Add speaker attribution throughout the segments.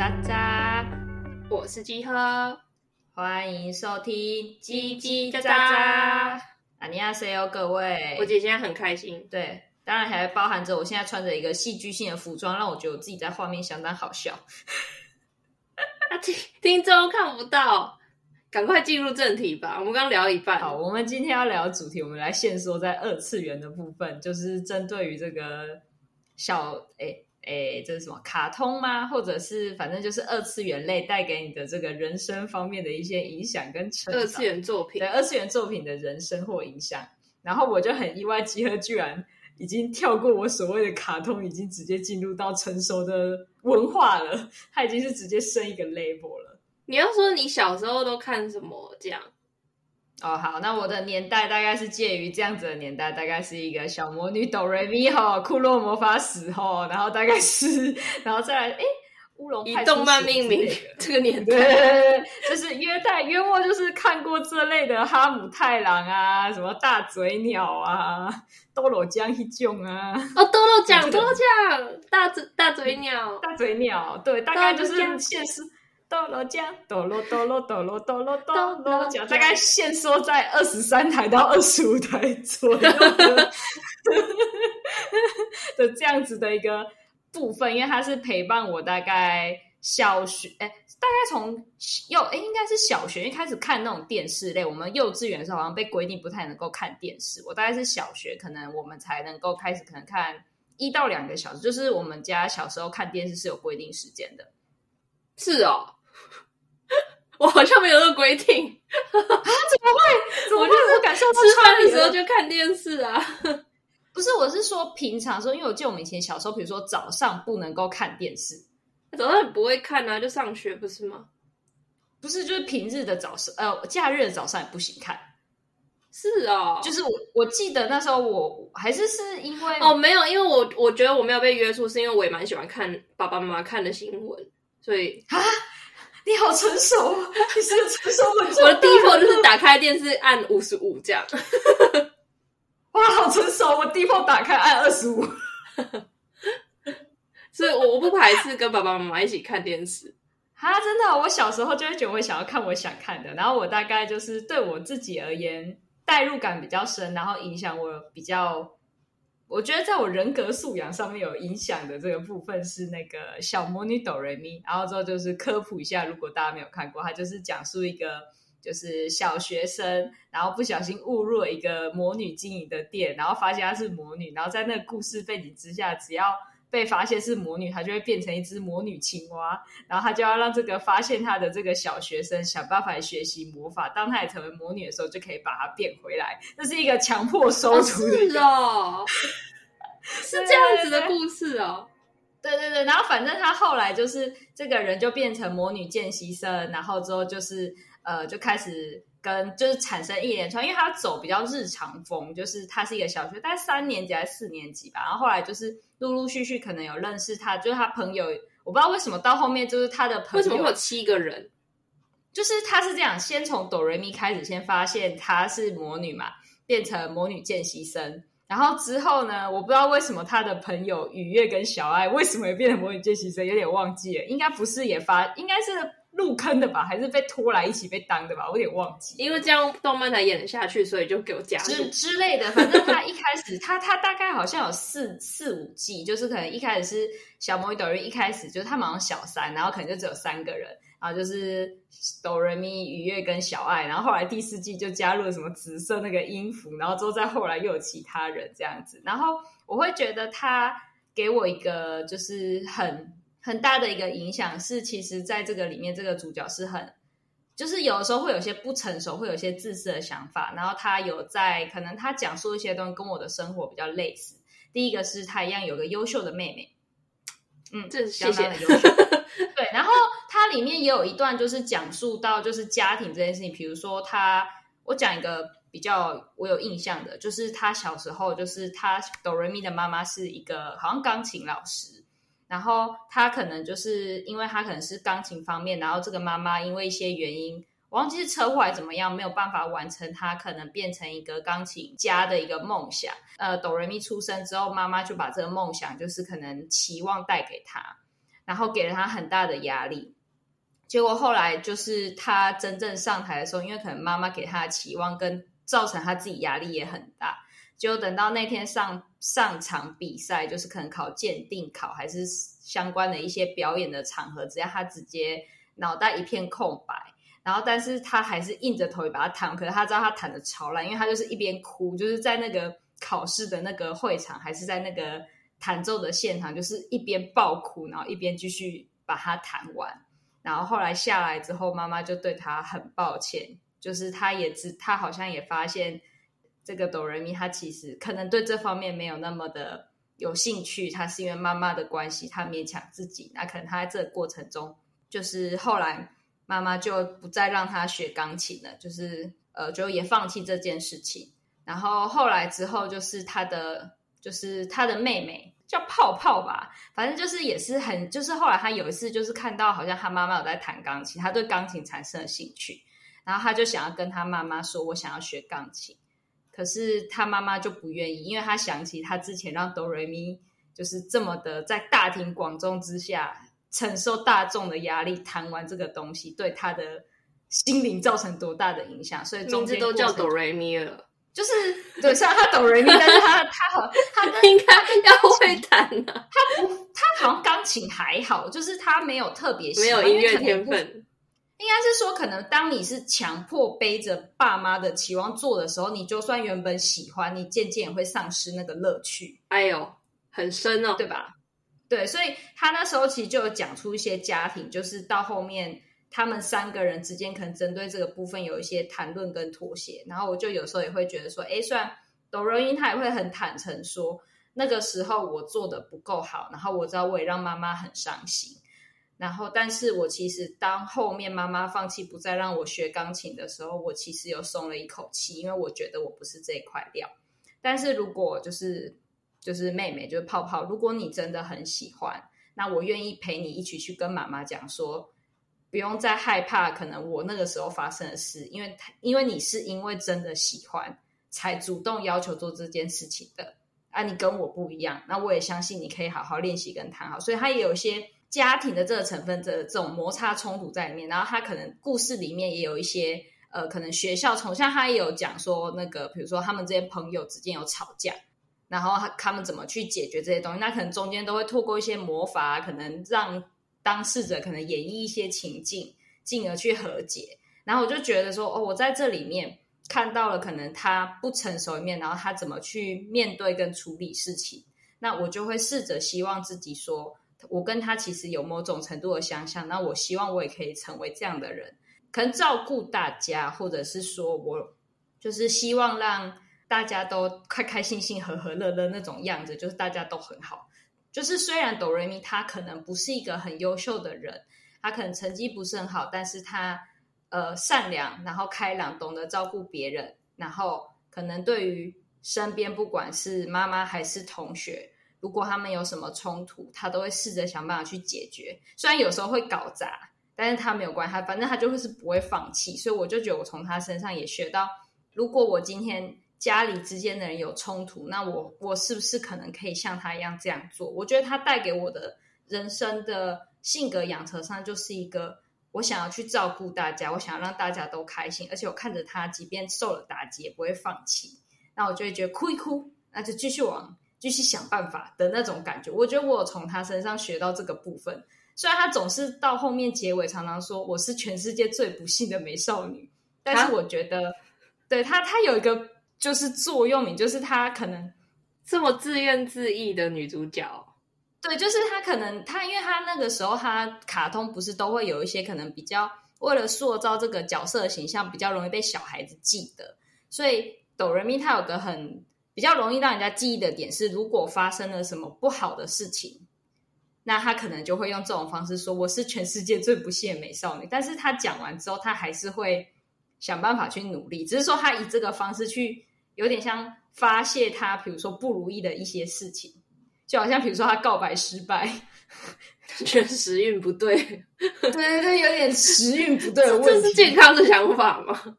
Speaker 1: 喳喳，我是雞喝，歡迎收聽嘰嘰喳喳。阿尼亞誰哦？各位，我姐姐現在很開心。對，當然還包含着我現在穿着一個戲劇性的服裝，讓我覺得我自己在畫面相當好笑。啊， 聽眾看不到，趕快進入正題吧。我們剛聊一半了，好，我們今天要聊的主題，我們來先說在二次元的部分，就是針對於這個小哎。欸哎，這是什麼卡通嗎？或者是反正就是二次元類帶給你的這個人生方面的一些影響跟成，二次元作品，對二次元作品的人生或影響。然後我就很意外，集合居然已經跳過我所謂的卡通，已經直接進入到成熟的文化了。它已經是直接升一個 label 了。你要說你小時候都看什麼這樣？哦，好，那我的年代大概是介於這樣子的年代，大概是一個小魔女哆瑞咪、哈庫洛魔法使，吼，然後大概是 然後再來，誒、欸，烏龍以動漫命名這個年代，對 就是約代約莫就是看過這類的哈姆太郎啊，什麼大嘴鳥啊，多羅江一種啊？哦，多羅江多羅江大嘴大嘴鳥大嘴鳥，對，大概就是現實。哆羅江，哆羅哆羅哆羅哆羅哆羅江，大概限縮在二十三台到二十五台左右的， 的這樣子的一個部分，因為它是陪伴我大概小學，哎、欸，大概從幼哎應該是小學一開始看那種電視類。我們幼稚園的時候好像被規定不太能夠看電視，我大概是小學，可能我們才能夠開始可能看一到兩個小時，就是我們家小時候看電視是有規定時間的，是哦。我好像沒有那個規定，啊？ 怎麼會？怎麼會？我敢上吃飯的時候就看電視啊？ 不是，我是說平常時候，因為我記得我們以前小時候，比如說早上不能夠看電視，早上很不會看啊，就上學不是嗎？不是，就是平日的早上，呃，假日的早上也不行看。是啊、哦，就是我，我記得那時候我，我還是是因為哦，沒有，因為我我覺得我沒有被約束，是因為我也蠻喜歡看爸爸媽媽看的新聞，所以你好成熟， 你是不是成熟穩重。 我的第一步就是打開電視， 按五十五這樣。 哇，好成熟！我第一步打開按二十五。 所以，我我不排斥跟爸爸媽媽一起看電視。啊， 真的，哦，我小時候就會覺得我想要看我想看的。然後，我大概就是對我自己而言，代入感比較深，然後影響我比較。我覺得在我人格素養上面有影響的這個部分是那個小魔女 DoReMi，然後之後就是科普一下，如果大家沒有看過，它就是講述一個就是小學生，然後不小心誤入了一個魔女經營的店，然後發現她是魔女，然後在那個故事背景之下，只要。被發現是魔女，她就會變成一隻魔女青蛙，然後她就要讓這個發現她的這個小學生想辦法學習魔法。當她也成為魔女的時候，就可以把她變回來。這是一個強迫收徒。啊，是哦， 是這樣子的故事哦。對對對，對，對，然後反正她後來就是這個人就變成魔女見習生，然後之後就是呃就開始。跟就是產生一連串，因為他走比較日常風，就是他是一個小學，大概三年級還是四年級吧。然後後來就是陸陸續續可能有認識他，就是他朋友。我不知道為什麼到後面就是他的朋友，為什麼有七個人？就是他是這樣，先從哆瑞咪開始，先發現他是魔女嘛，變成魔女見習生。然後之後呢，我不知道為什麼他的朋友雨月跟小愛為什麼會變成魔女見習生，有點忘記了，應該不是也發，應該是。入坑的吧，還是被拖來一起被當的吧？我有點忘記，因為這樣動漫才演得下去，所以就給我加入之，之類的。反正他一開始， 他他大概好像有四四五季，就是可能一開始是小魔女 DoReMi，一開始就是他好像小三，然後可能就只有三個人，然後就是哆瑞咪、雨悅跟小愛，然後後來第四季就加入了什麼紫色那個音符，然後之後再後來又有其他人這樣子。然後我會覺得他給我一個就是很。很大的一個影響是，其實，在這個裡面，這個主角是很，就是有的時候會有些不成熟，會有些自私的想法。然後他有在，可能他講述一些東西跟我的生活比較類似。第一個是他一樣有個優秀的妹妹，嗯，這是相當的優秀。對，然後他裡面也有一段就是講述到就是家庭這件事情，比如說他，我講一個比較我有印象的，就是他小時候，就是他哆啦美的媽媽是一個好像鋼琴老師。然後他可能就是因為他可能是鋼琴方面，然後這個媽媽因為一些原因，我忘記是車禍還是怎麼樣，沒有辦法完成他可能變成一個鋼琴家的一個夢想。呃，哆瑞咪出生之後，媽媽就把這個夢想就是可能期望帶給他，然後給了他很大的壓力。結果後來就是他真正上台的時候，因為可能媽媽給他的期望跟造成他自己壓力也很大，就等到那天上上場比賽，就是可能考鑑定考還是相關的一些表演的場合，只要他直接腦袋一片空白，然後但是他還是硬著頭皮把他彈，可是他知道他彈得超爛，因為他就是一邊哭，就是在那個考試的那個會場，還是在那個彈奏的現場，就是一邊暴哭，然後一邊繼續把它彈完。然後後來下來之後，媽媽就對他很抱歉，就是他也知，他好像也發現。這個哆瑞咪她其實可能對這方面沒有那麼的有興趣，她是因為媽媽的關係，她勉強自己。那可能她在這個過程中，就是後來媽媽就不再讓她學鋼琴了，就是呃，就也放棄這件事情。然後後來之後，就是她的，就是她的妹妹叫泡泡吧，反正就是也是很，就是後來她有一次就是看到好像她媽媽有在彈鋼琴，她對鋼琴產生了興趣，然後她就想要跟她媽媽說：“我想要學鋼琴。”可是他媽媽就不願意，因為他想起他之前讓哆瑞咪就是這麼的在大庭廣眾之下承受大眾的壓力彈完這個東西，對他的心靈造成多大的影響。所以總之都叫哆瑞咪了，就是對，雖然、啊、他哆瑞咪，但是他他好，他，他，他 應該要會彈的、啊。他不，他好像鋼琴還好，就是他沒有特別喜歡，沒有音樂天分。應該是說，可能當你是強迫背着爸媽的期望做的時候，你就算原本喜歡，你漸漸也會喪失那個樂趣。哎呦，很深哦，對吧？對，所以他那時候其實就有講出一些家庭，就是到後面他們三個人之間可能針對這個部分有一些談論跟妥協。然後我就有時候也會覺得說，哎、欸，雖然 Dorothy 他也會很坦誠說，那個時候我做的不夠好，然後我知道我也讓媽媽很傷心。然後，但是我其實當後面媽媽放棄不再讓我學鋼琴的時候，我其實又鬆了一口氣，因為我覺得我不是這一塊料。但是如果就是就是妹妹就是泡泡，如果你真的很喜歡，那我願意陪你一起去跟媽媽講說，不用再害怕可能我那個時候發生的事，因為因為你是因為真的喜歡才主動要求做這件事情的啊，你跟我不一樣，那我也相信你可以好好練習跟彈好，所以他也有一些。家庭的這個成分，這這種摩擦衝突在裡面，然後他可能故事裡面也有一些，呃，可能學校從像他也有講說那個，比如說他們這些朋友之間有吵架，然後他他們怎麼去解決這些東西，那可能中間都會透過一些魔法，可能讓當事者可能演繹一些情境，進而去和解。然後我就覺得說，哦，我在這裡面看到了可能他不成熟一面，然後他怎麼去面對跟處理事情，那我就會試着希望自己說。我跟他其實有某種程度的相像，那我希望我也可以成為這樣的人，可能照顧大家，或者是說我就是希望讓大家都開開心心、和和樂樂那種樣子，就是大家都很好。就是雖然哆瑞咪他可能不是一個很優秀的人，他可能成績不是很好，但是他呃善良，然後開朗，懂得照顧別人，然後可能對於身邊不管是媽媽還是同學。如果他們有什麼衝突，他都會試着想辦法去解決。雖然有時候會搞砸，但是他沒有關係。他反正他就會是不會放棄。所以我就覺得，我從他身上也學到，如果我今天家裡之間的人有衝突，那我我是不是可能可以像他一樣這樣做？我覺得他帶給我的人生的性格養成上，就是一個我想要去照顧大家，我想要讓大家都開心。而且我看着他，即便受了打擊也不會放棄。那我就會覺得哭一哭，那就繼續往。繼續想辦法的那種感覺，我覺得我從他身上學到這個部分。雖然他總是到後面結尾常常說，我是全世界最不幸的美少女，但是我覺得，啊、對他，他有一個就是座右銘，就是他可能這麼自怨自艾的女主角，對，就是他可能他，因為他那個時候他卡通不是都會有一些可能比較為了塑造這個角色的形象，比較容易被小孩子記得，所以哆啦咪他有個很。比較容易讓人家記憶的點是，如果發生了什麼不好的事情，那他可能就會用這種方式說：“我是全世界最不屑美少女。”但是，他講完之後，他還是會想辦法去努力，只是說他以這個方式去有點像發洩他，比如說不如意的一些事情，就好像比如說他告白失敗，全時運不對， 對，對對，有點時運不對，這是健康的想法嗎？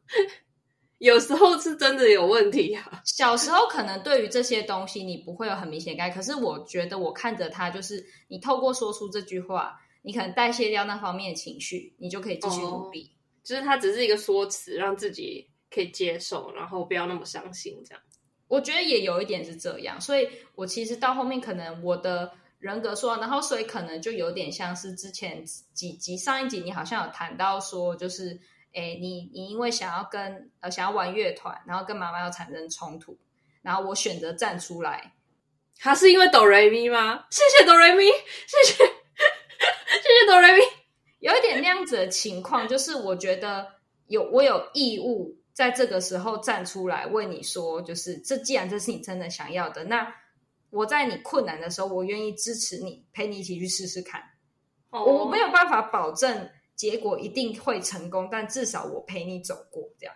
Speaker 1: 有時候是真的有問題啊。小時候可能對於這些東西你不會有很明顯的概念， 可是我覺得我看着他，就是你透過說出這句話，你可能代謝掉那方面的情緒，你就可以繼續努力。Oh, 就是它只是一個說辭，讓自己可以接受，然後不要那麼傷心。這樣，我覺得也有一點是這樣。所以我其實到後面可能我的人格說，然後所以可能就有點像是之前幾集上一集你好像有談到說，就是。哎，你你因為想要跟呃想要玩樂團，然後跟媽媽要產生衝突，然後我選擇站出來。他、啊、是因為哆來咪嗎？謝謝哆來咪，謝謝謝謝哆來咪。有一點那樣子的情況， 就是我覺得有我有義務在這個時候站出來，為你說，就是這既然這是你真的想要的，那我在你困難的時候，我願意支持你，陪你一起去試試看。哦、oh.，我沒有辦法保證結果一定會成功，但至少我陪你走過這樣。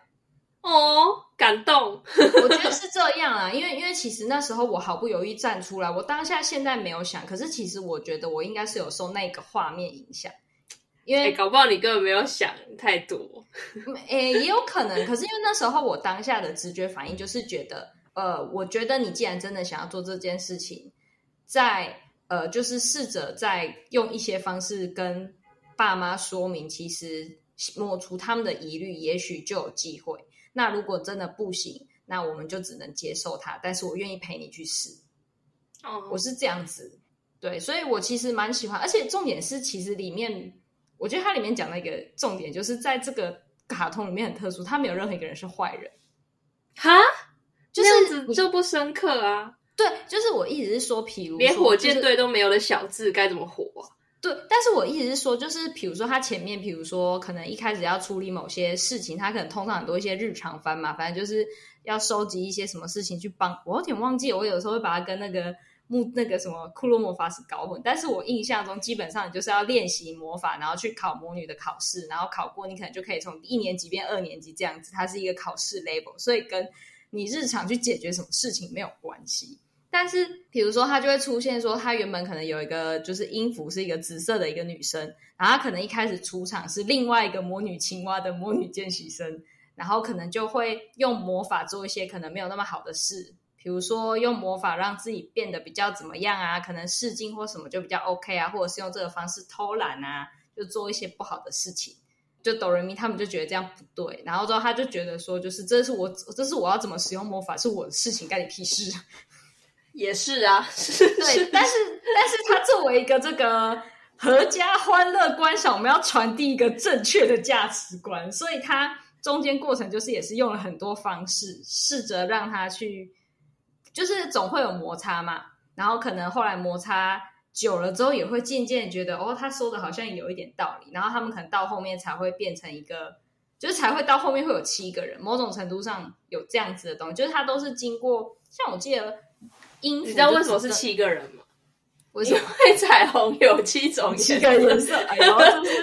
Speaker 1: 哦，感動， 我覺得是這樣啊，因為因為其實那時候我毫不猶豫站出來，我當下現在沒有想，可是其實我覺得我應該是有受那個畫面影響，因為、欸、搞不好你根本沒有想太多，哎、 欸，也有可能。可是因為那時候我當下的直覺反應就是覺得，呃，我覺得你既然真的想要做這件事情，在呃，就是試着在用一些方式跟。爸媽說明，其實抹除他們的疑慮，也許就有機會。那如果真的不行，那我們就只能接受他。但是我願意陪你去試。哦、oh.，我是這樣子。對，所以我其實蠻喜歡，而且重點是，其實裡面我覺得它裡面講的一個重點，就是在這個卡通裡面很特殊，他沒有任何一個人是壞人。哈、huh? 就是，就這樣子就不深刻啊？對，就是我一直是說，比如說、就是、連火箭隊都沒有的小智該怎麼活、啊？就，但是我意思是說，就是比如說他前面，比如說可能一開始要處理某些事情，他可能通常很多一些日常番嘛，反正就是要收集一些什麼事情去幫，我有點忘記，我有時候會把它跟那個木那個什麼庫洛魔法使搞混。但是我印象中，基本上你就是要練習魔法，然後去考魔女的考試，然後考過，你可能就可以從一年級變二年級這樣子。它是一個考試 label，所以跟你日常去解決什麼事情沒有關係。但是，比如說，他就會出現說，他原本可能有一個就是音符是一個紫色的一個女生，然後他可能一開始出場是另外一個魔女青蛙的魔女見習生，然後可能就會用魔法做一些可能沒有那麼好的事，比如說用魔法讓自己變得比較怎麼樣啊，可能試鏡或什麼就比較 OK 啊，或者是用這個方式偷懶啊，就做一些不好的事情。就哆瑞咪他們就覺得這樣不對，然後之後他就覺得說，就是這是我，這是我要怎麼使用魔法是我的事情，關你屁事。也是啊，對 是對，但是，但是他作為一個這個闔家歡樂觀賞，我們要傳遞一個正確的價值觀，所以他中間過程就是也是用了很多方式，試着讓他去，就是總會有摩擦嘛，然後可能後來摩擦久了之後，也會漸漸覺得，哦，他說的好像有一點道理，然後他們可能到後面才會變成一個，就是才會到後面會有七個人，某種程度上有這樣子的東西，就是他都是經過，像我記得。你知道為什麼是七個人嗎？因為彩虹有七種顏色， 人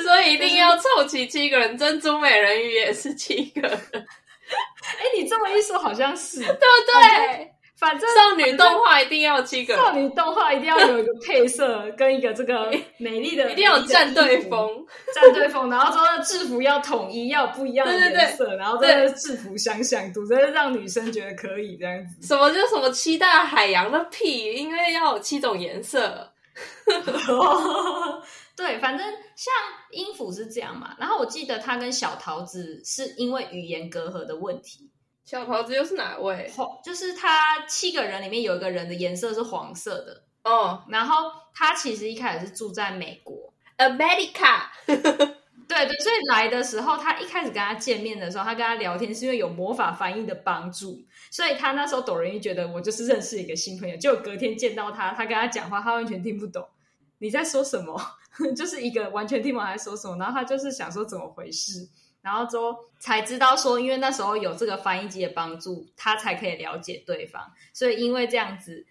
Speaker 1: 所以一定要湊齊七個人。珍珠美人魚也是七個人。哎、 欸，你這麼一說，好像是對不對？Okay. 反正少女動畫一定要七個，少女動畫一定要有一個配色 跟一個這個美麗的，美麗的，一定要有戰隊風， 戰隊風，然後說制服要統一， 要有不一樣的顏色，對對對，然後這個制服想想，總之 讓女生覺得可以這樣子。什麼就什麼七大海洋的屁，因為要有七種顏色。 對，反正像音符是這樣嘛。然後我記得他跟小桃子是因為語言隔閡的問題。小桃子又是哪位？黃就是他七個人裡面有一個人的顏色是黃色的。哦、嗯，然後他其實一開始是住在美國，America。 對對，所以來的時候，他一開始跟他見面的時候，他跟他聊天是因為有魔法翻譯的幫助，所以他那時候陡然一覺得我就是認識一個新朋友。結果隔天見到他，他跟他講話，他完全聽不懂你在說什麼， 就是一個完全聽不懂他在說什麼。然後他就是想說怎麼回事。然後之後才知道說，因為那時候有這個翻譯機的幫助，他才可以了解對方。所以因為這樣子，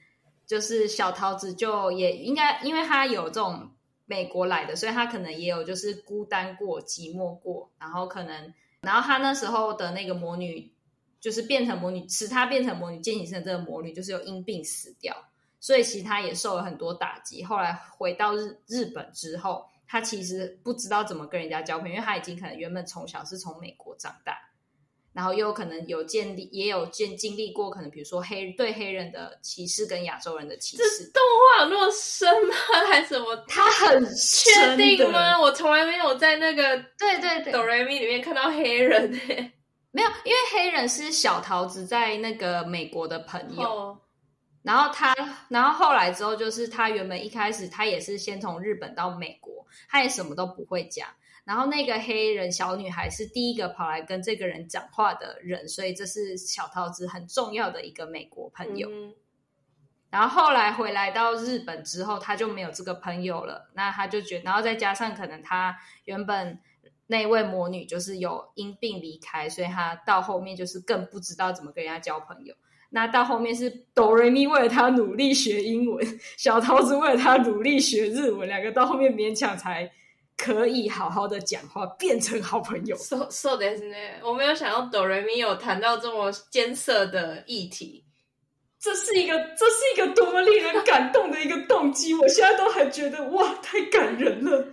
Speaker 1: 就是小桃子就也應該，因為他有這種美國來的，所以他可能也有就是孤單過、寂寞過。然後可能，然後他那時候的那個魔女，就是變成魔女，使他變成魔女行成這個魔女，就是有因病死掉。所以其他也受了很多打擊。後來回到日日本之後。他其實不知道怎麼跟人家交朋友，因為他已經可能原本從小是從美國長大，然後又可能有見，也有見，經歷過可能比如說黑對黑人的歧視跟亞洲人的歧視。這動畫有那麼深嗎？還是什麼？他很確定嗎？我從來沒有在那個對對對哆瑞咪裡面看到黑人。欸，沒有，因為黑人是小桃子在那個美國的朋友。Oh. 然後他，然後後來之後就是他原本一開始他也是先從日本到美國，他也什麼都不會講。然後那個黑人小女孩是第一個跑來跟這個人講話的人，所以這是小桃子很重要的一個美國朋友。嗯。然後後來回來到日本之後，他就沒有這個朋友了。那他就覺得，然後再加上可能他原本那位魔女就是有因病離開，所以他到後面就是更不知道怎麼跟人家交朋友。那到後面是哆瑞咪為了他努力學英文，小桃子為了他努力學日文，兩個到後面勉強才可以好好的講話，變成好朋友。So so doesn't it？我沒有想到哆瑞咪有談到這麼艱澀的議題，這是一個這是一個多麼令人感動的一個動機， 我現在都還覺得哇，太感人了。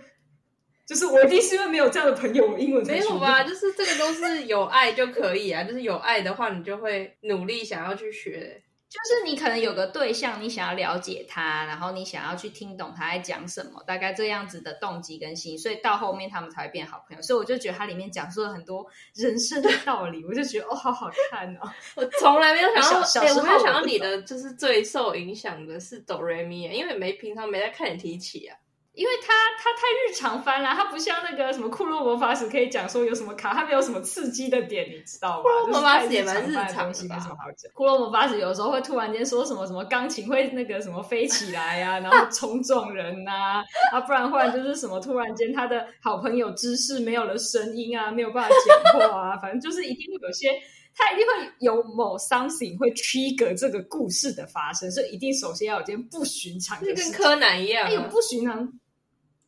Speaker 1: 就是我一定是因為沒有這樣的朋友，我英文學 沒有吧？就是這個都是有愛就可以啊。就是有愛的話，你就會努力想要去學。就是你可能有個對象，你想要了解他，然後你想要去聽懂他在講什麼，大概這樣子的動機跟心，所以到後面他們才會變好朋友。所以我就覺得它裡面講述了很多人生的道理， 我就覺得哦，好好看哦。 我從來沒有想到我、欸，我沒有想到你的，就是最受影響的是哆來咪，因為沒平常沒在看你提起啊。因為它它太日常翻了、啊，它不像那個什麼庫洛魔法使可以講說有什麼卡，它沒有什麼刺激的點，你知道嗎、 就是？ 庫洛魔法使也蠻日常的東西，沒什麼好講。庫洛魔法使有時候會突然間說什麼什麼鋼琴會那個什麼飛起來呀、啊， 然後衝撞人吶、啊，啊，不然不就是什麼突然間他的好朋友知識沒有了聲音啊，沒有辦法講話啊，反正就是一定會有些。他一定會有某傷心會 trigger 這個故事的發生，所以一定首先要有件不尋常的事情。就跟柯南一樣，它，哎嗯，有不尋常。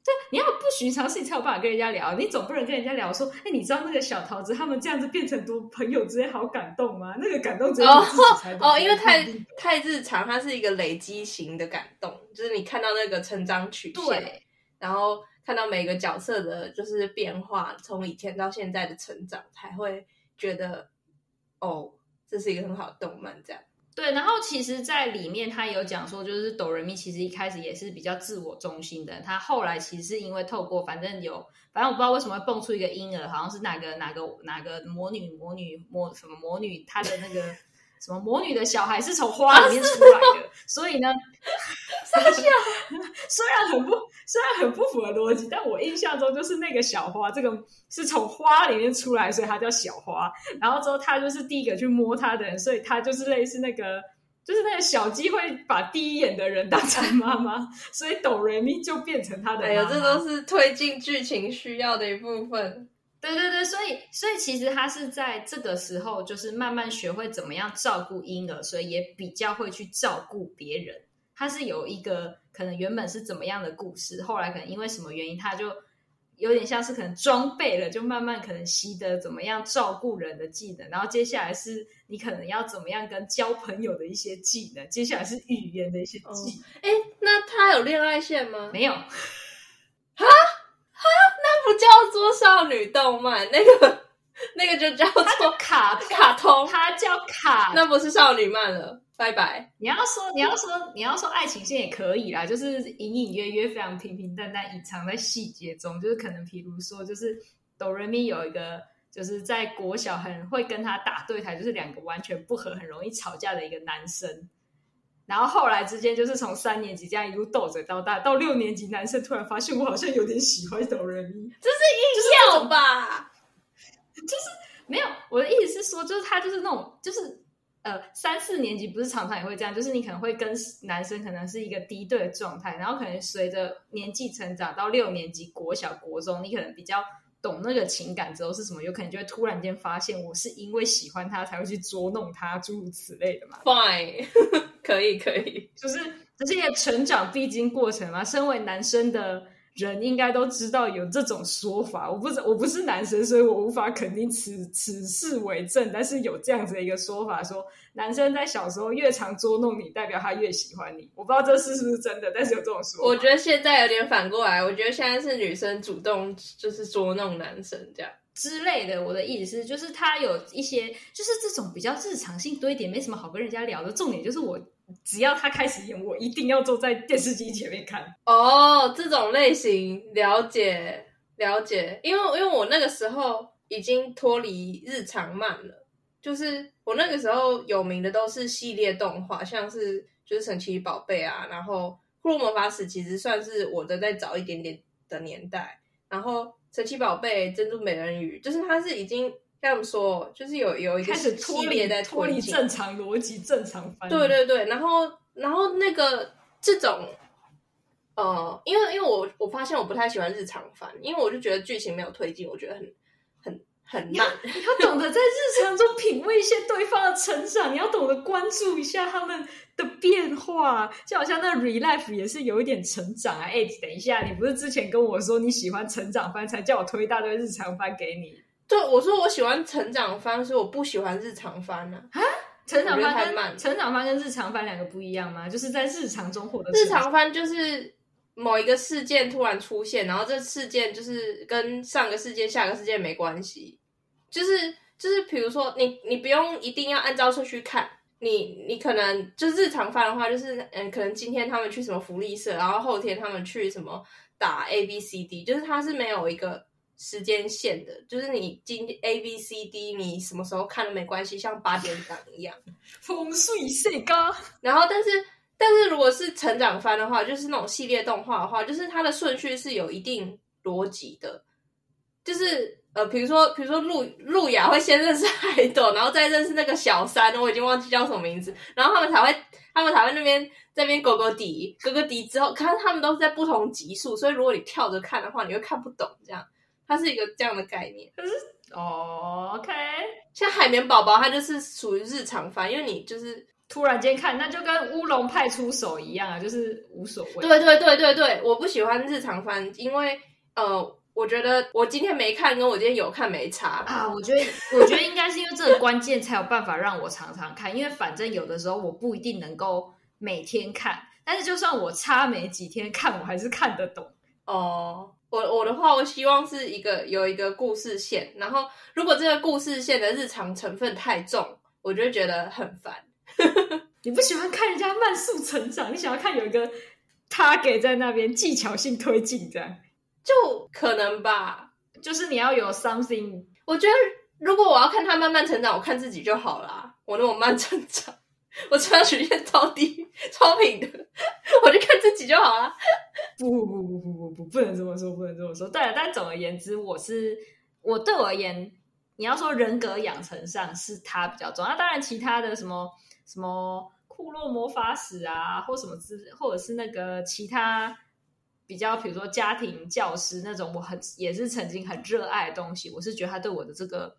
Speaker 1: 對，你要不尋常的事情才有辦法跟人家聊。你總不能跟人家聊說：“哎，你知道那個小桃子他們這樣子變成多朋友之間好感動嗎？”那個感動，只才感動，然後哦，因為太太日常，它是一個累積型的感動，就是你看到那個成長曲線，對，然後看到每個角色的就是變化，從以前到現在的成長，才會覺得。哦，這是一個很好的動漫，這樣。對，然後其實，在裡面他有講說，就是哆瑞咪其實一開始也是比較自我中心的，他後來其實是因為透過，反正有，反正我不知道為什麼會蹦出一個嬰兒，好像是哪個哪個哪個魔女魔女魔什麼魔女，她的那個。 什麼魔女的小孩是從花裡面出來的？啊、所以呢，雖 然三小 雖然很不雖然很不符合邏輯，但我印象中就是那個小花，這個是從花裡面出來，所以它叫小花。然後之後他就是第一個去摸它的人，所以他就是類似那個，就是那個小雞會把第一眼的人當成媽媽，所以 DoReMi 就變成他的媽媽。哎呦，這都是推進劇情需要的一部分。對對對，所以所以其實他是在這個時候，就是慢慢學會怎麼樣照顧嬰兒，所以也比較會去照顧別人。他是有一個可能原本是怎麼樣的故事，後來可能因為什麼原因，他就有點像是可能裝備了，就慢慢可能習得怎麼樣照顧人的技能。然後接下來是你可能要怎麼樣跟交朋友的一些技能，接下來是語言的一些技能。哎、哦，那他有戀愛線嗎？沒有。哈。不叫做少女動漫，那個那個就叫做卡通他卡，卡通，他叫卡，那不是少女漫了，拜拜。你要說你要說你要說愛情線也可以啦，就是隱隱約約非常平平淡淡隱藏在細節中，就是可能譬如說，就是哆瑞咪有一個就是在國小很會跟他打對台，就是兩個完全不合，很容易吵架的一個男生。然後後來之間就是從三年級這樣一路鬥着到大，到六年級男生突然發現我好像有點喜歡哆瑞咪，這是音效吧？就是、就是、沒有，我的意思是說，就是他就是那種就是呃三四年級不是常常也會這樣，就是你可能會跟男生可能是一個敵對的狀態，然後可能隨着年紀成長到六年級國小國中，你可能比較懂那個情感之後是什麼，有可能就會突然間發現我是因為喜歡他才會去捉弄他，諸如此類的嘛。Fine。 可以可以，就是這些、就是，成長必經過程嘛。身為男生的人應該都知道有這種說法。我不我不是男生，所以我無法肯定此此事為證。但是有這樣子的一個說法，說男生在小時候越常捉弄你，代表他越喜歡你。我不知道這事是，是不是真的，但是有這種說法。我覺得現在有點反過來，我覺得現在是女生主動就是捉弄男生這樣。之類的，我的意思是就是，他有一些就是這種比較日常性多一點，沒什麼好跟人家聊的。重點就是我，我只要他開始演，我一定要坐在電視機前面看。哦、 oh，這種類型了解了解，因為因為我那個時候已經脫離日常漫了，就是我那個時候有名的都是系列動畫，像是就是神奇寶貝啊，然後《庫洛魔法使》其實算是我的再早一點點的年代，然後。神奇寶貝、珍珠美人魚，就是它是已經，這樣說，就是有有一個是開始脫離在脫離正常邏輯、正常番，對對對。然後，然後那個這種，呃，因為因為我我發現我不太喜歡日常番，因為我就覺得劇情沒有推進，我覺得很。你要 你要懂得在日常中品味一些對方的成長， 你要懂得關注一下他們的變化，就好像那 ReLIFE 也是有一點成長啊。哎、欸，等一下，你不是之前跟我說你喜歡成長番，才叫我推一大堆日常番給你？對，我說我喜歡成長番，所以我不喜歡日常番呢、啊。啊，成長番很慢成長番，跟日常番兩個不一樣嗎？就是在日常中獲得。日常番就是某一個事件突然出現，然後這事件就是跟上個事件、下個事件沒關係。就是就是，比如說你你不用一定要按照順序看，你你可能就日常番的話，就是嗯，可能今天他們去什麼福利社，然後後天他們去什麼打 A B C D，就是它是沒有一個時間線的，就是你今 A B C D 你什麼時候看都沒關係，像八點檔一樣。 風水世家。然後，但是但是如果是成長番的話，就是那種系列動畫的話，就是它的順序是有一定邏輯的，就是。呃，比如說，比如說路，露露雅會先認識海斗，然後再認識那個小三，我已經忘記叫什麼名字。然後他們才會，他們才會那邊在那邊勾勾底，勾勾底之後，可他們都是在不同集數，所以如果你跳着看的話，你會看不懂。這樣，它是一個這樣的概念。可是、哦、OK，像海綿寶寶，它就是屬於日常番，因為你就是突然間看，那就跟烏龍派出所一樣啊，就是無所謂。對對對對對，我不喜歡日常番，因為呃。我覺得我今天沒看，跟我今天有看沒差啊。我覺得 我覺得應該是因為這個關鍵才有辦法讓我常常看，因為反正有的時候我不一定能夠每天看，但是就算我差沒幾天看，我還是看得懂哦。Oh, 我我的話，我希望是一個有一個故事線，然後如果這個故事線的日常成分太重，我就會覺得很煩。 你不喜歡看人家慢速成長，你想要看有一個 target 在那邊技巧性推進這樣。就可能吧，就是你要有 something。我覺得如果我要看他慢慢成長，我看自己就好啦。我那麼慢成長，我成長曲線超低、超平的，我就看自己就好啦。不不不不不不不，不能這麼說，不能這麼說。對了，但總而言之，我是我對我而言，你要說人格養成上是他比較重要。當然其他的什麼什麼庫洛魔法使啊，或什麼之，或者是那個其他。比較，比如說家庭教師那種，我很也是曾經很熱愛的東西。我是覺得他對我的這個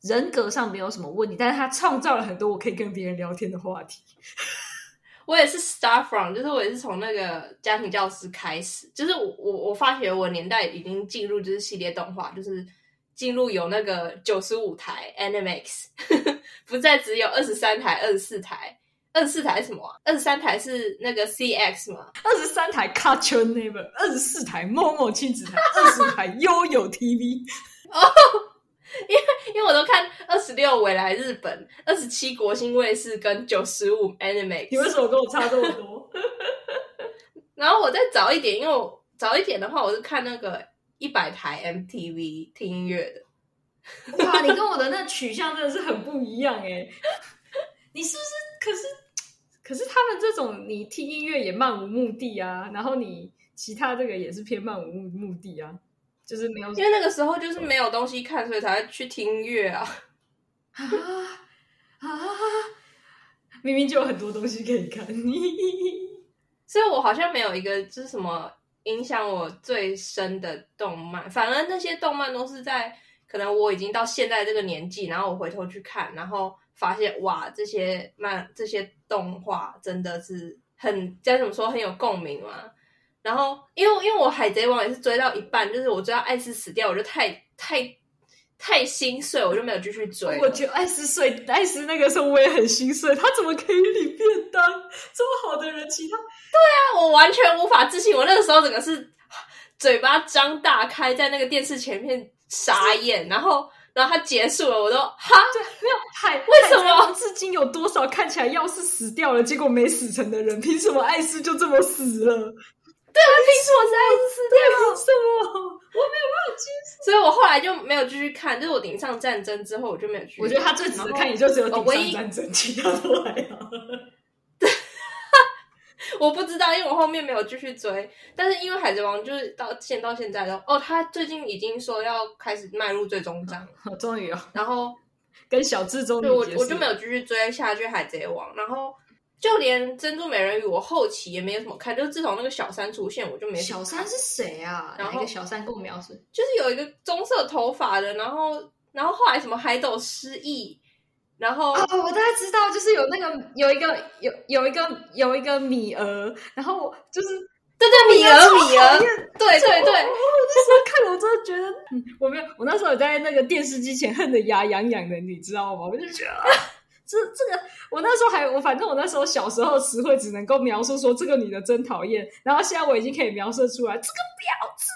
Speaker 1: 人格上沒有什麼問題，但是他創造了很多我可以跟別人聊天的話題。我也是 start from，就是我也是從那個家庭教師開始。就是我我我發覺我年代已經進入就是系列動畫，就是進入有那個九十五台 Animax， 不再只有二十三台、二十四台。二十四台什麼、啊？二十三台是那個 CX 嗎？二十三台 Cartoon Network，二十四台 MOMO 親子台，二 十五台 YOYO TV。哦、oh,，因為我都看二十六緯來日本，二十七國興衛視跟九十五 Animax。你為什麼跟我差這麼多？ 然後我再早一點，因為我早一點的話，我是看那個一百台 MTV 聽音樂的。哇，你跟我的那個取向真的是很不一樣哎、欸。你是不是？可是，可是他們這種，你聽音樂也漫無目的啊。然後你其他這個也是偏漫無目目的啊，就是沒有。因為那個時候就是沒有東西看，哦、所以才會去聽音樂啊。 啊啊！明明就有很多東西可以看。 所以我好像沒有一個就是什麼影響我最深的動漫。反而那些動漫都是在可能我已經到現在這個年紀，然後我回頭去看，然後。發現哇，這些漫，這些動畫真的是很，該怎麼說，很有共鳴嘛。然後因為因為我海賊王也是追到一半，就是我追到艾斯死掉，我就太太太心碎，我就沒有繼續追。我覺得艾斯碎，艾斯那個時候我也很心碎，他怎麼可以領便當？這麼好的人，其他對啊，我完全無法置信。我那個時候整個是嘴巴張大開，在那個電視前面傻眼，然後。然後他結束了，我都哈，對，沒有，太。為什麼？至今有多少看起來要是死掉了，結果沒死成的人，憑什麼艾斯就這麼死了？對啊，憑什麼是艾斯死掉？為什麼？我沒有我沒有辦法接受，所以我後來就沒有繼續看。就是我頂上戰爭之後，我就沒有去。我覺得他最值得看也就只有頂上戰爭，哦、其他都還好。 我不知道，因為我後面沒有繼續追。但是因為海賊王就是到現到現在，都，哦，他最近已經說要開始邁入最終章，終於要、哦。然後跟小智終於結束。我我就沒有繼續追下去海賊王。嗯、然後就連珍珠美人魚，我後期也沒有什麼看，就是自從那個小三出現，我就沒。小三是誰啊？然後那個小三跟我描述？就是有一個棕色頭髮的，然後然後後來什麼海斗失憶。然後、哦，我大概知道，就是有那個有一個有有一個有一個米兒，然後我就是對對米兒米兒、哦，對對對，我、哦，那時候看了，我真的覺得，嗯，我沒有，我那時候有在那個電視機前恨得牙癢癢的，你知道嗎？我就覺得這、啊，這個，我那時候還我，反正我那時候小時候詞彙只能夠描述說，這個女的真討厭，然後現在我已經可以描述出來，這個婊子。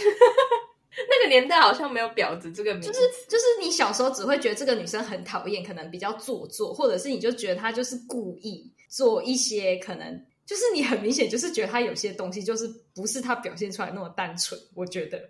Speaker 1: 那個年代好像沒有“婊子”這個名字。就是就是你小時候只會覺得這個女生很討厭，可能比較做作，或者是你就覺得她就是故意做一些，可能就是你很明顯就是覺得她有些東西就是不是她表現出來那麼單純。我覺得。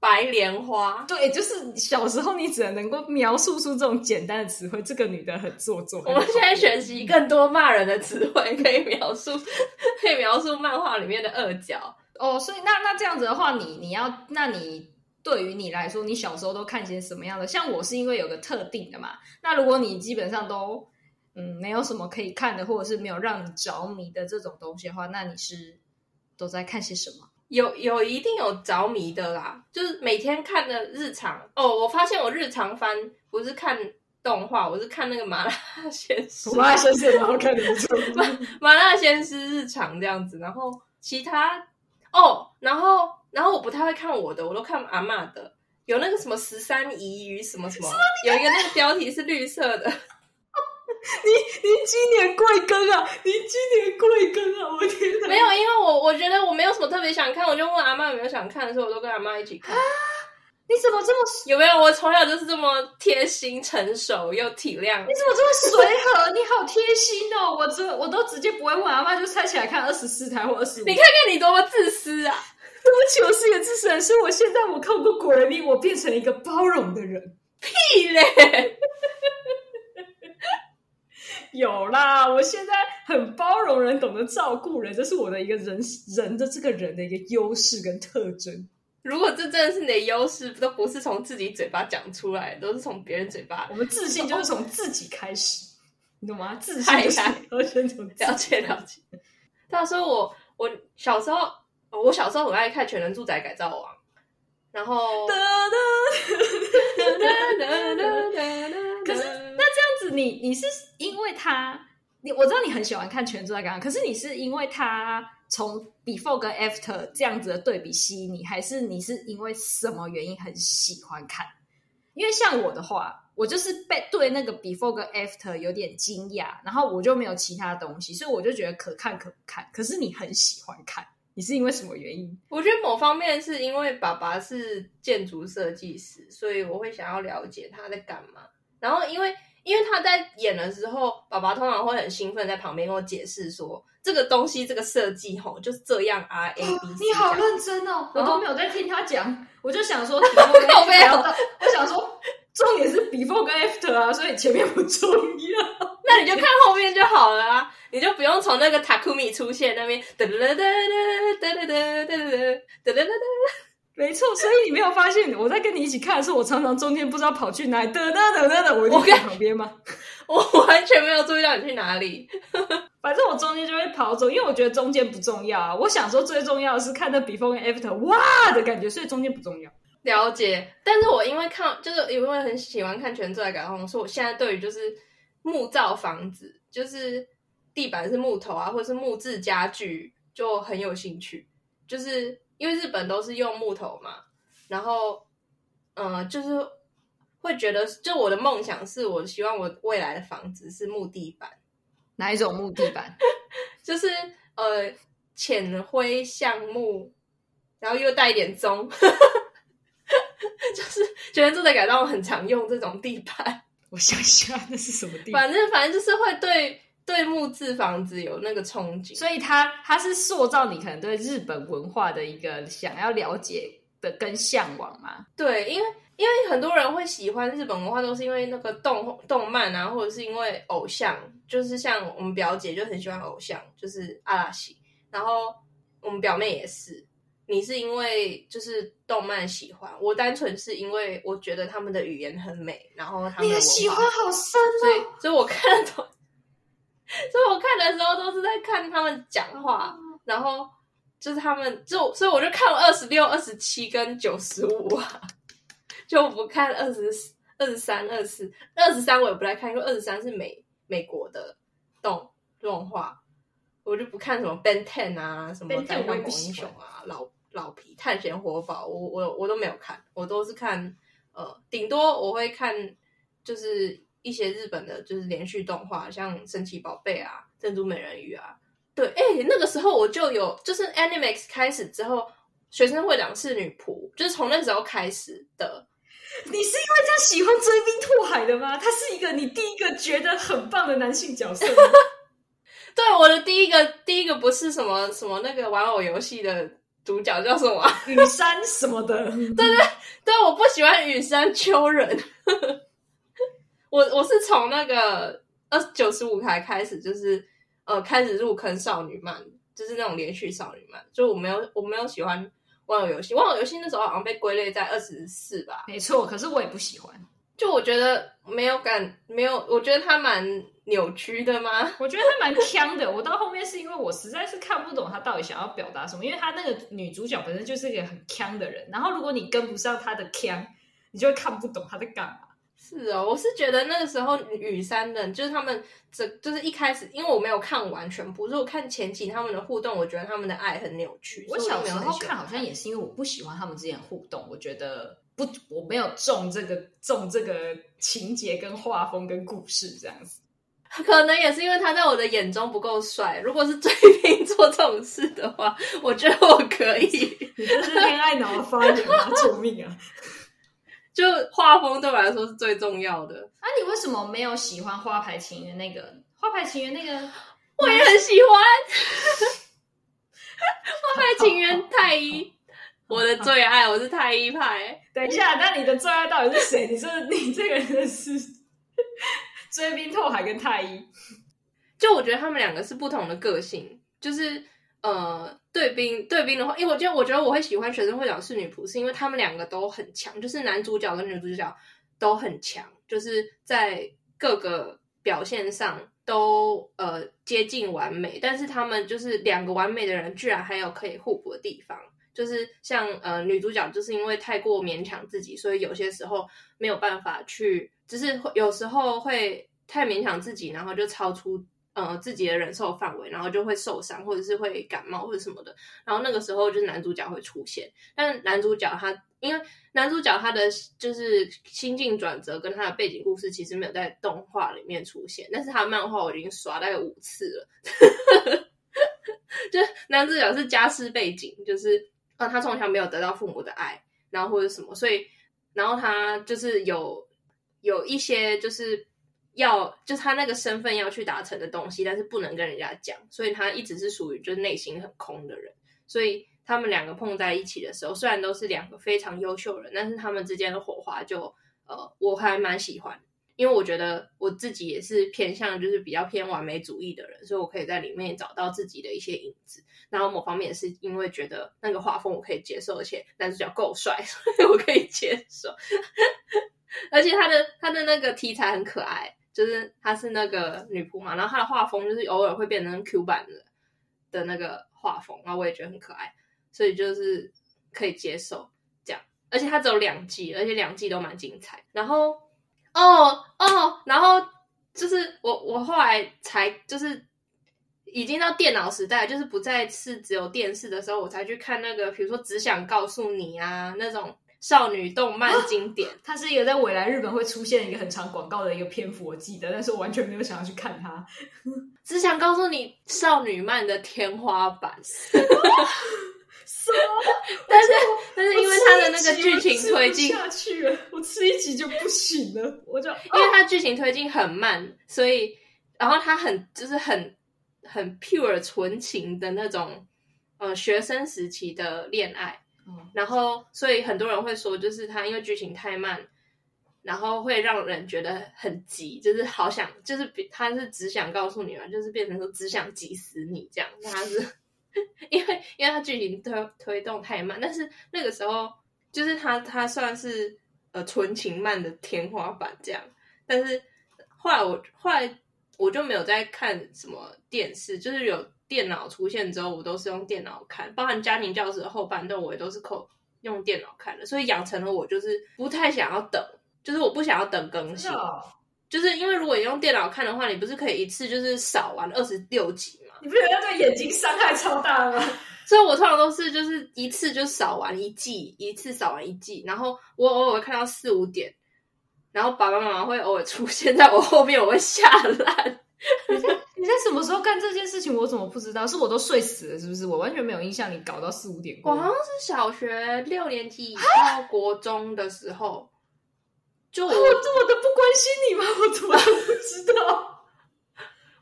Speaker 1: 白蓮花。對，就是小時候你只能能夠描述出這種簡單的詞彙，這個女的很做作。我們現在學習更多罵人的詞彙，可以描述， 可以描述漫畫裡面的惡角哦。Oh, 所以那那這樣子的話你，你你要那你。對於你來說，你小時候都看些什麼樣的？像我是因為有個特定的嘛。那如果你基本上都嗯沒有什麼可以看的，或者是沒有讓你着迷的這種東西的話，那你是都在看些什麼？有有一定有着迷的啦，就是每天看的日常哦。我發現我日常番不是看動畫，我是看那個麻辣鮮師。麻辣鮮師然後看你的，麻麻辣鮮師日常這樣子，然後其他哦，然後。然後我不太會看我的，我都看阿嬤的。有那個什麼十三姨與什麼什麼，有一個那個標題是綠色的。你 你，你今年貴庚啊？你今年貴庚啊？我天哪。沒有，因為我我覺得我沒有什麼特別想看，我就問阿嬤有沒有想看，所以我都跟阿嬤一起看。你怎麼這麼有沒有？我從小就是這麼貼心、成熟又體諒。 你怎麼這麼隨和？你好貼心哦！我直我都直接不會問阿嬤，就猜起來看二十四台或二十五。你看看你多麼自私啊！對不起，我是一個資深。我現在我看過《果仁蜜》，我變成了一個包容的人。屁嘞！ 有啦，我現在很包容人，懂得照顧人，這是我的一個人人的這個人的一個優勢跟特徵。如果這真的是你的優勢，都不是從自己嘴巴講出來，都是從別人嘴巴。我們自信就是從自己開始，哦、你懂嗎？自信一下。了解，了解。他 說：“我我小時候。”我小時候很愛看《全能住宅改造王》，然後，噠噠 可是那這樣子你，你你是因為他，你我知道你很喜歡看《全能住宅改造》，可是你是因為他從 before 跟 after 這樣子的對比吸引你，還是你是因為什麼原因很喜歡看？因為像我的話，我就是被對那個 before 跟 after 有點驚訝，然後我就沒有其他東西，所以我就覺得可看可不看。可是你很喜歡看。你是因為什麼原因？我覺得某方面是因為爸爸是建築設計師，所以我會想要了解他在幹嘛。然後因為因為他在演的時候，爸爸通常會很興奮，在旁邊跟我解釋說這個東西、這個設計吼、哦，就是這樣 R A B、哦、你好認真哦，我都沒有在聽他講，哦、我就想說我，不要不要我想說。重點是 before 跟 after 啊，所以前面不重要。 那你就看後面就好了啊，你就不用從那個 Takumi 出現那邊，噠噠噠噠噠噠噠噠噠噠噠噠噠。沒錯，所以你沒有發現我在跟你一起看的時候，我常常中間不知道跑去哪裡，噠噠噠噠噠。我就在旁邊嗎？ 我完全沒有注意到你去哪裡。 反正我中間就會跑走，因為我覺得中間不重要啊。我想說最重要的是看到 before 跟 after，哇的感覺，所以中間不重要。了解，但是我因為看就是因為很喜歡看《全職的改行》，所以我現在對於就是木造房子，就是地板是木頭啊，或者是木質家具，就很有興趣。就是因為日本都是用木頭嘛，然後，呃，就是會覺得，就我的夢想是我希望我未來的房子是木地板，哪一種木地板？ 就是呃淺灰橡木，然後又帶一點棕。 就是覺得住宅改造很常用這種地板， 我想一下那是什麼地板。 反正反正就是會對對木質房子有那個憧憬， 所以它它是塑造你可能對日本文化的一個想要了解的跟嚮往嘛。 對，因為因為很多人會喜歡日本文化，都是因為那個動動漫啊，然後，或者是因為偶像，就是像我們表姐就很喜歡偶像，就是阿拉西。然後我們表妹也是。你是因為就是動漫喜歡，我單純是因為我覺得他們的語言很美，然後他們的，你的喜歡好深哦。所以，所以我看的，所以我看的時候都是在看他們講話，然後就是他們就所以我就看了二十六、二十七跟九十五啊，就不看二十二十三、二十四、二十三，我也不來看，因為二十三是美美國的動動畫。我就不看什麼 Ben Ten 啊，啊，什麼《三國英雄》啊，老老皮探險活寶，我我我都沒有看，我都是看呃，頂多我會看就是一些日本的，就是連續動畫，像《神奇寶貝》啊，嗯《珍珠美人魚》啊。對，哎、欸，那個時候我就有，就是 Animax 開始之後，學生會長是女僕，就是從那時候開始的。你是因為這樣喜歡碓冰拓海的嗎？他是一個你第一個覺得很棒的男性角色。 對我的第一個第一個不是什麼什麼那個玩偶遊戲的主角叫什麼羽山什麼的， 對對對，我不喜歡羽山秋人。 我我是從那個呃九十五台開始，就是呃開始入坑少女漫，就是那種連續少女漫。就我沒有我沒有喜歡玩偶遊戲，玩偶遊戲那時候好像被歸類在二十四吧，沒錯。可是我也不喜歡，就我覺得沒有感，沒有，我覺得他蠻。扭曲的嗎？ 我覺得他蠻強的。我到後面是因為我實在是看不懂他到底想要表達什麼。因為他那個女主角本身就是一個很強的人，然後如果你跟不上他的強，你就會看不懂他在幹嘛。是哦，我是覺得那個時候女三的，就是他們這，就是一開始，因為我沒有看完全部，如果看前幾他們的互動，我覺得他們的愛很扭曲。我小時候然後看好像也是因為我不喜歡他們之間互動，我覺得不，我沒有中這個，中這個情節跟畫風跟故事這樣子。可能也是因為他在我的眼中不夠帥。如果是追星做這種事的話，我覺得我可以。你是戀愛腦，發你媽 救命啊！就畫風對我來說是最重要的。那、啊、你為什麼沒有喜歡花、那個《花牌情緣》那個？《花牌情緣》那個我也很喜歡。 《花牌情緣》 太一醫， 我的最愛。我是太一派。等一下，那 你的最愛到底是誰？ 你說你這個人是？ 對比拓海跟太一，就我覺得他們兩個是不同的個性，就是呃，對比對比的話，因、欸、為我覺得我覺得我會喜歡學生會長是女僕，是因為他們兩個都很強，就是男主角跟女主角都很強，就是在各個表現上都呃接近完美，但是他們就是兩個完美的人，居然還有可以互補的地方。就是像呃女主角，就是因為太過勉強自己，所以有些時候沒有辦法去，只是會有時候會太勉強自己，然後就超出呃自己的忍受範圍，然後就會受傷，或者是會感冒或者什麼的。然後那個時候就是男主角會出現，但男主角他因為男主角他的就是心境轉折跟他的背景故事其實沒有在動畫裡面出現，但是他的漫畫我已經刷到有五次了，呵呵呵。就男主角是家世背景，就是。啊，他從小沒有得到父母的愛，然後或者什麼，所以，然後他就是有有一些就是要，就是他那個身份要去達成的東西，但是不能跟人家講，所以他一直是屬於就是內心很空的人。所以他們兩個碰在一起的時候，雖然都是兩個非常優秀人，但是他們之間的火花就，呃，我還蠻喜歡。因為我覺得我自己也是偏向就是比較偏完美主義的人，所以我可以在裡面找到自己的一些影子。然後某方面也是因為覺得那個畫風我可以接受，而且男主角夠帥，所以我可以接受。 而且他的他的那個題材很可愛，就是他是那個女僕嘛。然後他的畫風就是偶爾會變成 Q 版的的那個畫風，然後我也覺得很可愛，所以就是可以接受這樣。而且他只有兩季，而且兩季都蠻精彩。然後。我我後來才就是，已經到電腦時代，就是不再是只有電視的時候，我才去看那個，比如說《只想告訴你》啊那種少女動漫經典。它是一個在未來日本會出現一個很長廣告的一個篇幅，我記得，但是我完全沒有想要去看它， 《只想告訴你》少女漫的天花板。 說，但是但是因為他的那個劇情推進下去了，我吃一集就不行了，我就、哦、因為他劇情推進很慢，所以然後他很就是很很 pure 純情的那種，呃學生時期的戀愛，嗯，然後所以很多人會說，就是他因為劇情太慢，然後會讓人覺得很急，就是好想就是他是只想告訴你嘛，就是變成說只想急死你這樣，是他是。 因為因為它劇情推推動太慢，但是那個時候就是它它算是呃純情漫的天花板這樣。但是後來我後來我就沒有再看什麼電視，就是有電腦出現之後，我都是用電腦看，包含家庭教師的後半段，我也都是靠用電腦看的。所以養成了我就是不太想要等，就是我不想要等更新，就是因為如果你用電腦看的話，你不是可以一次就是掃完二十六集？你不覺得對眼睛傷害超大嗎？ 所以，我通常都是就是一次就掃完一季，一次掃完一季。然後我偶爾會看到四五點，然後爸爸媽媽會偶爾出現在我後面，我會嚇爛。 你在，你在什麼時候幹這件事情？我怎麼不知道？是我都睡死了，是不是？我完全沒有印象。你搞到四五點。我好像是小學六年級到國中的時候。就我，哦，這麼的不關心你嗎？我怎麼不知道？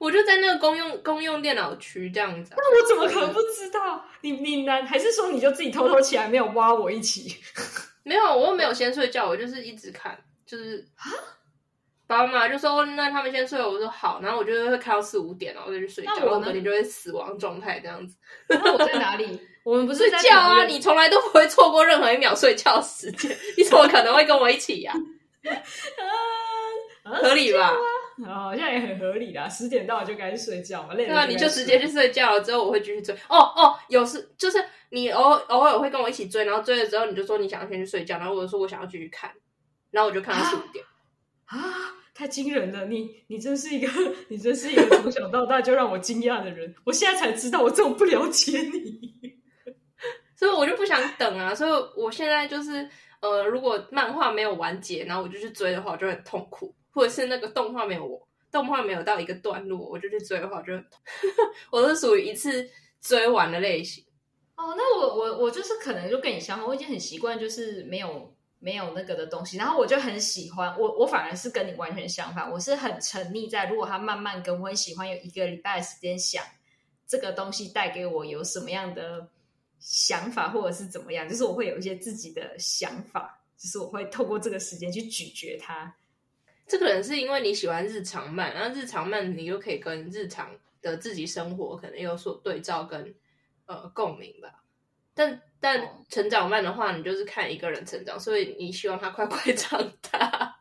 Speaker 1: 我就在那個公用公用電腦區這樣子、啊，那我怎麼可能不知道？就是、你你呢？還是說你就自己偷偷起來沒有挖我一起？ 沒有，我又沒有先睡覺，我就是一直看，就是啊。爸媽就說那他們先睡，我說好，然後我就會開到四五點，然後我就去睡覺。那我你就會死亡狀態這樣子。 然後我在哪裡？ 我們不睡覺啊？ 你從來都不會錯過任何一秒睡覺時間，你怎麼可能會跟我一起呀、啊 啊？合理吧？啊、哦，好像也很合理的，十點到了就趕緊睡覺嘛，累。對啊了，你就直接去睡覺了。之後我會繼續追。哦哦，有時就是你偶偶爾會跟我一起追，然後追了之後你就說你想要先去睡覺，然後我就說我想要繼續看，然後我就看到十點啊,啊，太驚人了！你你真是一個，你真是一個從小到大就讓我驚訝的人。 我現在才知道我這麼不了解你， 所以我就不想等啊。所以我現在就是呃，如果漫畫沒有完結，然後我就去追的話，我就很痛苦。或者是那個動畫沒有，我，動畫沒有到一個段落，我就去追的話，就 我是屬於一次追完的類型。哦，那我我我就是可能就跟你相反，我已經很習慣就是沒有沒有那個的東西，然後我就很喜歡。我我反而是跟你完全相反，我是很沉溺，在如果他慢慢跟我很喜歡有一個禮拜的時間想這個東西帶給我有什麼樣的想法或者是怎麼樣，就是我會有一些自己的想法，就是我會透過這個時間去咀嚼它。這可能是因為你喜歡日常慢，然後日常慢你又可以跟日常的自己生活可能有所對照跟呃共鳴吧。但但成長慢的話，你就是看一個人成長，所以你希望他快快長大。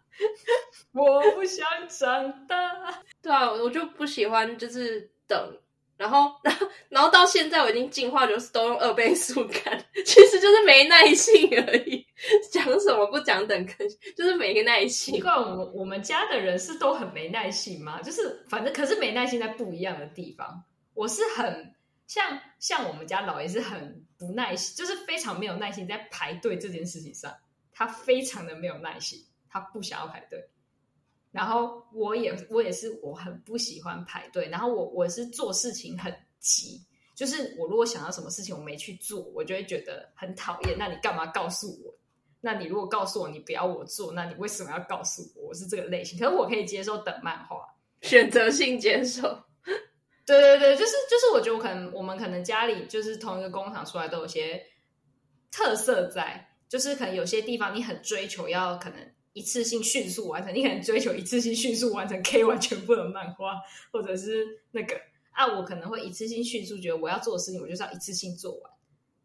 Speaker 1: 我不想長大。 對啊，我就不喜歡就是等。然後，然後，然後到現在我已經進化，就是都用二倍速看，其實就是沒耐心而已。講什麼不講等更新，就是沒個耐心。奇怪，我我們家的人是都很沒耐心嗎？就是反正可是沒耐心，在不一樣的地方，我是很像像我們家老爺是很不耐心，就是非常沒有耐心在排隊這件事情上，他非常的沒有耐心，他不想要排隊。然後我也我也是我很不喜歡排隊。然後我我是做事情很急，就是我如果想要什麼事情我沒去做，我就會覺得很討厭。那你幹嘛告訴我？那你如果告訴我你不要我做，那你為什麼要告訴我我是這個類型？可是我可以接受等漫畫，選擇性接受。 對對對，就是就是，我覺得我可能我們可能家裡就是同一個工廠出來都有些特色在，就是可能有些地方你很追求要可能。一次性迅速完成，你可能追求一次性迅速完成，K 完全部的漫畫，或者是那個啊，我可能會一次性迅速覺得我要做的事情，我就是要一次性做完。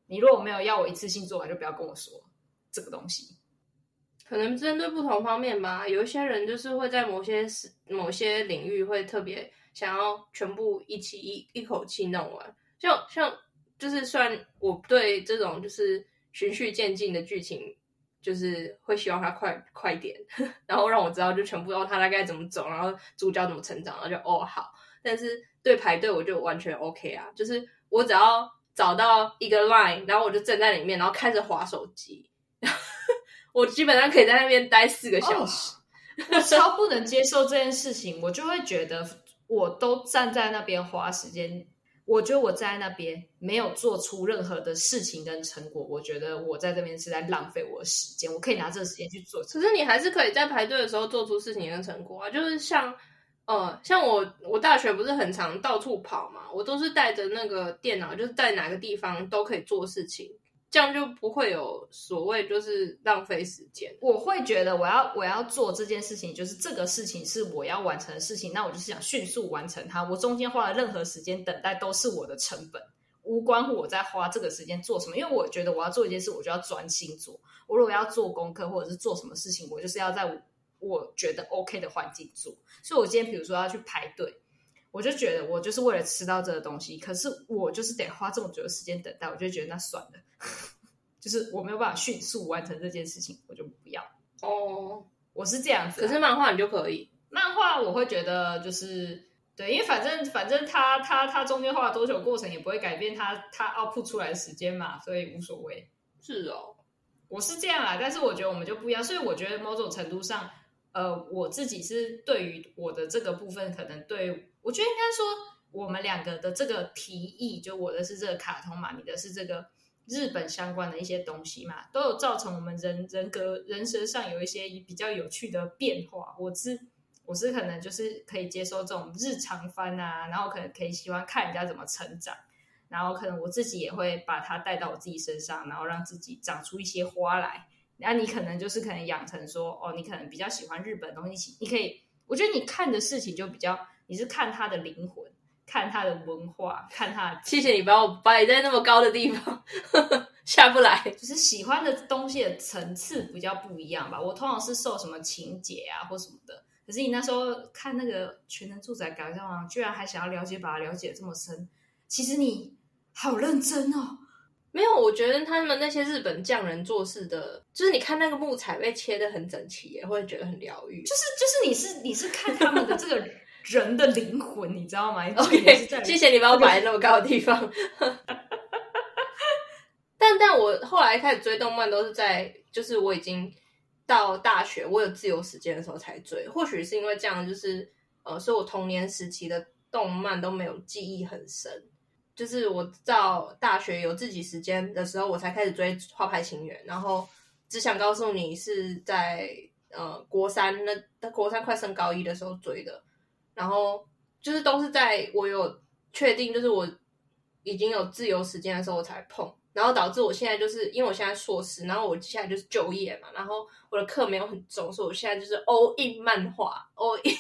Speaker 1: 你如果沒有要我一次性做完，就不要跟我說這個東西。可能針對不同方面吧，有一些人就是會在某些某些領域會特別想要全部一起一一口氣弄完，像像就是算我對這種就是循序漸進的劇情。就是會希望他快快點，然後讓我知道就全部要他大概怎麼走，然後主角怎麼成長，然後就哦好。但是對排隊我就完全 OK 啊，就是我只要找到一個 line，然後我就站在裡面，然後開始滑手機，我基本上可以在那邊待四個小時。只、哦、要不能接受這件事情，我就會覺得我都站在那邊花時間。我覺得我在那邊沒有做出任何的事情跟成果，我覺得我在這邊是在浪費我的時間。我可以拿這個時間去做，可是你還是可以在排隊的時候做出事情跟成果啊。就是像，呃，像我，我大學不是很常到處跑嘛，我都是帶着那個電腦，就是帶哪個地方都可以做事情。這樣就不會有所謂就是浪費時間。我會覺得我要我要做這件事情，就是這個事情是我要完成的事情，那我就是想迅速完成它。我中間花了任何時間等待都是我的成本，無關乎我在花這個時間做什麼。因為我覺得我要做一件事，我就要專心做。我如果要做功課或者是做什麼事情，我就是要在我覺得 OK 的環境做。所以，我今天比如說要去排隊。我就覺得我就是為了吃到這個東西，可是我就是得花這麼久的時間等待，我就覺得那算了， 就是我沒有辦法迅速完成這件事情，我就不要哦。我是這樣子，可是漫畫你就可以，漫畫我會覺得就是對，因為反正反正他他他中間畫多久的過程也不會改變他他 output 出來的時間嘛，所以無所謂。是哦，我是這樣啦，但是我覺得我們就不一樣，所以我覺得某種程度上，呃，我自己是對於我的這個部分，可能對。我覺得應該說，我們兩個的這個提議，就我的是這個卡通嘛，你的是這個日本相關的一些東西嘛，都有造成我們人人格、人身上有一些比較有趣的變化。我是我是可能就是可以接受這種日常番啊，然後可能可以喜歡看人家怎麼成長，然後可能我自己也會把它帶到我自己身上，然後讓自己長出一些花來。那你可能就是可能養成說，哦，你可能比較喜歡日本東西，你可以，我覺得你看的事情就比較。你是看他的靈魂，看他的文化，看他的。謝謝你把我擺在那麼高的地方， 下不來。就是喜歡的東西的層次比較不一樣吧。我通常是受什麼情節啊或什麼的。可是你那時候看那個《全能住宅改造王》，居然還想要了解，把它了解這麼深。其實你好認真哦。沒有，我覺得他們那些日本匠人做事的，就是你看那個木材被切得很整齊，也會覺得很療癒。就是就是，你是你是看他們的這個 人的靈魂，你知道嗎？OK，是謝謝你把我擺在那麼高的地方。 但但我後來開始追動漫，都是在就是我已經到大學，我有自由時間的時候才追。或許是因為這樣，就是呃，所以我童年時期的動漫都沒有記憶很深。就是我到大學有自己時間的時候，我才開始追《花牌情緣》。然後只想告訴你，是在呃國三那那國三快升高一的時候追的。然後就是都是在我有確定，就是我已經有自由時間的時候，我才碰。然後導致我現在就是因為我現在碩士，然後我接下來就是就業嘛，然後我的課沒有很重，所以我現在就是 all in 漫畫，all in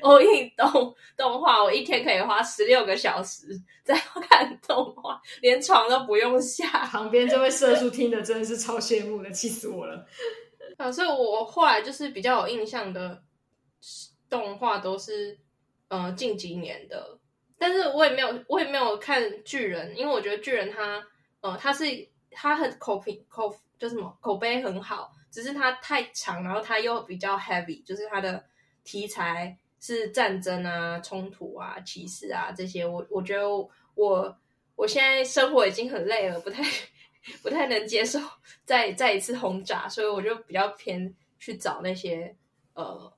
Speaker 1: all in 動動畫，我一天可以花十六個小時在看動畫，連床都不用下。旁邊這位社畜聽的真的是超羨慕的，氣死我了。 啊，所以我後來就是比較有印象的動畫都是。呃，近幾年的，但是我也沒有，我也沒有看巨人，因為我覺得巨人他，呃，他是他很口評口就是，什麼口碑很好，只是他太長，然後他又比較 heavy，就是他的題材是戰爭啊、衝突啊、歧視啊這些。我我覺得我我現在生活已經很累了，不太不太能接受再再一次轟炸，所以我就比較偏去找那些呃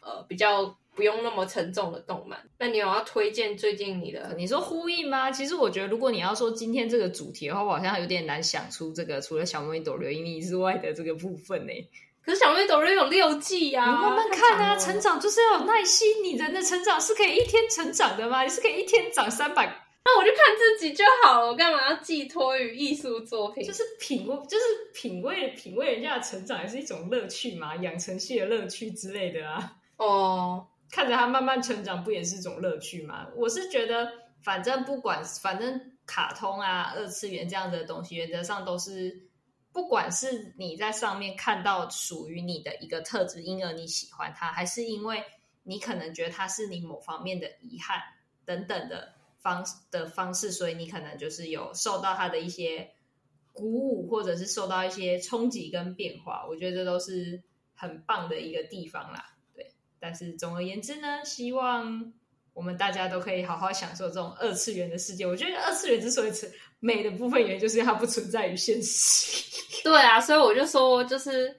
Speaker 1: 呃比較。不用那麼沉重的動漫。那你有要推薦最近你的？你說呼應嗎？其實我覺得，如果你要說今天這個主題的話，我好像有點難想出這個除了《小魔女 DoReMi》之外的這個部分呢、欸。可是《小魔女 DoReMi》有六季啊，你慢慢看啊，成長就是要有耐心。你人的成長是可以一天成長的嗎？你是可以一天長三百？那我就看自己就好了。我幹嘛要寄托於藝術作品？就是品，味，就是品味，品味人家的成長也是一種樂趣嘛，養成系的樂趣之類的啊。哦、oh.。看着它慢慢成長，不也是一種樂趣嗎？我是覺得，反正不管，反正卡通啊、二次元這樣的東西，原則上都是，不管是你在上面看到屬於你的一個特質，因而你喜歡它，還是因為你可能覺得它是你某方面的遺憾等等的方的方式，所以你可能就是有受到它的一些鼓舞，或者是受到一些衝擊跟變化。我覺得這都是很棒的一個地方啦。但是總而言之呢，希望我們大家都可以好好享受這種二次元的世界。我覺得二次元之所以是美的部分原因，就是因為它不存在於現實。對啊，所以我就說，就是。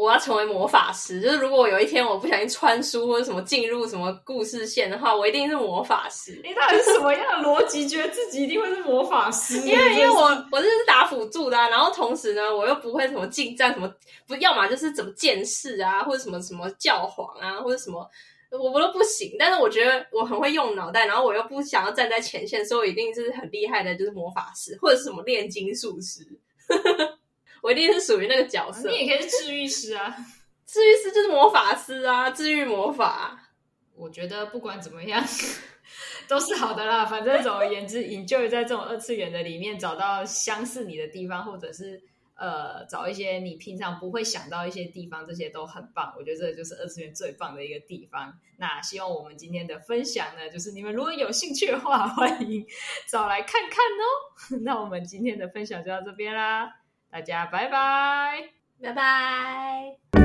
Speaker 1: 我要成為魔法師，就是如果我有一天我不小心穿書或者什麼進入什麼故事線的話，我一定是魔法師。你、欸、到底是什麼樣的邏輯？覺得自己一定會是魔法師？ 因為因為我我這是打輔助的、啊，然後同時呢，我又不會什麼近戰，什麼不要嘛，就是怎麼劍士啊，或者什麼什麼教皇啊，或者什麼我我都不行。但是我覺得我很會用腦袋，然後我又不想要站在前線，所以我一定就是很厲害的，就是魔法師或者是什麼煉金術師。 我一定是屬於那個角色。啊，你也可以是治癒師啊， 治癒師就是魔法師啊，治癒魔法。我覺得不管怎麼樣都是好的啦， 反正總而言之你就 在這種二次元的裡面找到相似，你的地方，或者是呃找一些你平常不會想到一些地方，這些都很棒。我覺得這就是二次元最棒的一個地方。那希望我們今天的分享呢，就是你們如果有興趣的話，歡迎找來看看哦。 那我們今天的分享就到這邊啦。大家拜拜，拜拜。